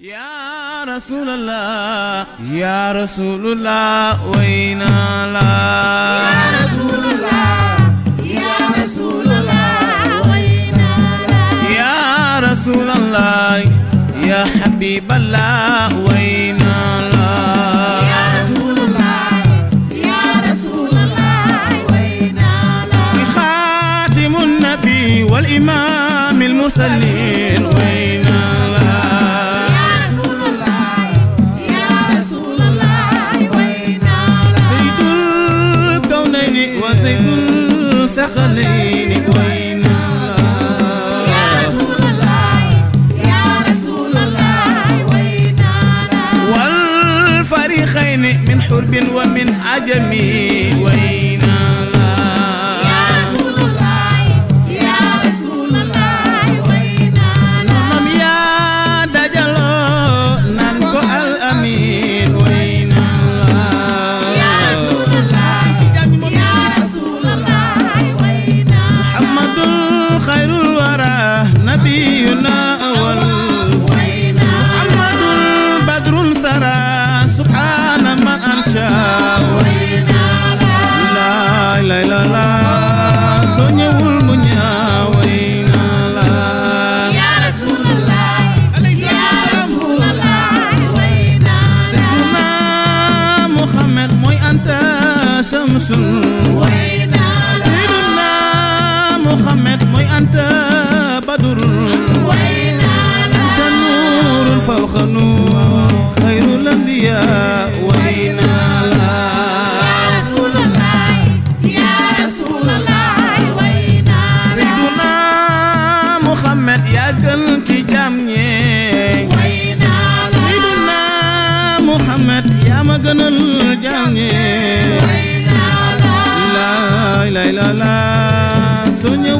يا رسول الله يا رسول الله وين لا يا رسول الله يا رسول الله وين الله يا رسول الله يا حبيب الله وين يا رسول الله يا رسول الله وين الله خاتم النبي والإمام المسلم من حرب ومن عجم وينا يا رسول الله يا رسول الله وينا نعم يا دجلو نانكو الأمين نبينا أول محمد بدر سرى سبحان من أنشا لا لا لا لا سنيا والمنيا وينا لا يا رسول الله يا رسول الله وينا سيدنا محمد موي أنت شمس وينا فالغنون خير الأنبياء ولينا محمد يا قل في جامعي سيدنا محمد يا مجن الجامعي لا لا لا لا سنيو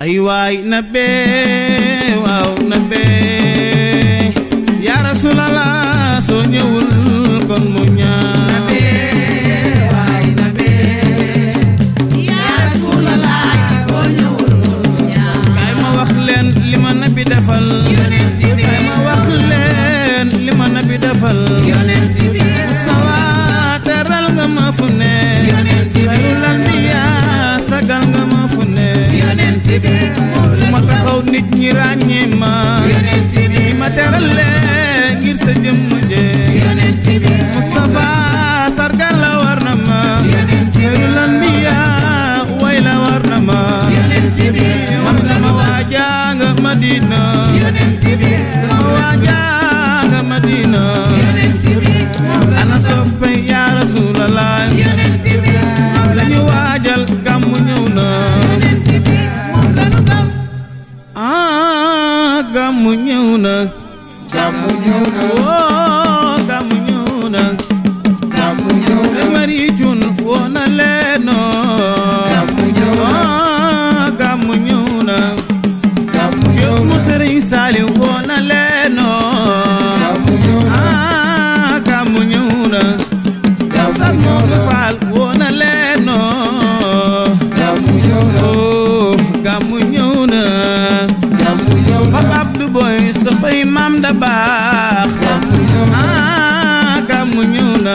ay waay na bee waaw na bee yaa rasulallah soo ñëwul kon mu ñaan defal kay ma wax leen li ma nabi defal nit ñi ràññee ma yonent bi ma terale sa jëmm je yonent Mustafa sargal la war na ma yonent bi lanbiya way la war ma yonent bi am sama sama waaja nga Madina gàmmu ñëw na gàmmu ñëw na woo gàmmu ñëw na gàmmu ñëw na mari jun woo na leenoo sa bay maam da baax ah gàmmu ñu na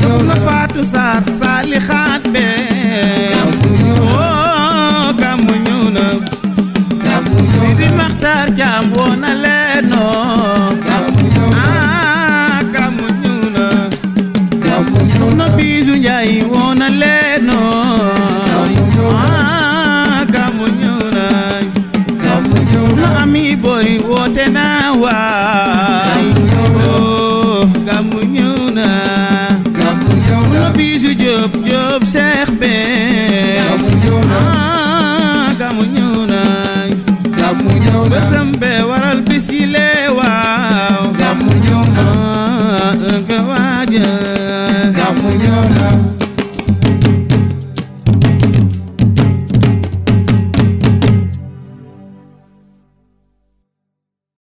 soxna Fatou Sarr xaat bee woote naa waay oo gàmmu ñëw na sunu biisu Jóob Jóob Seex be ah gàmmu ñëw na bësam be waral bis yi lee waaw gàmmu ñëw na ah, nga waajal gàmmu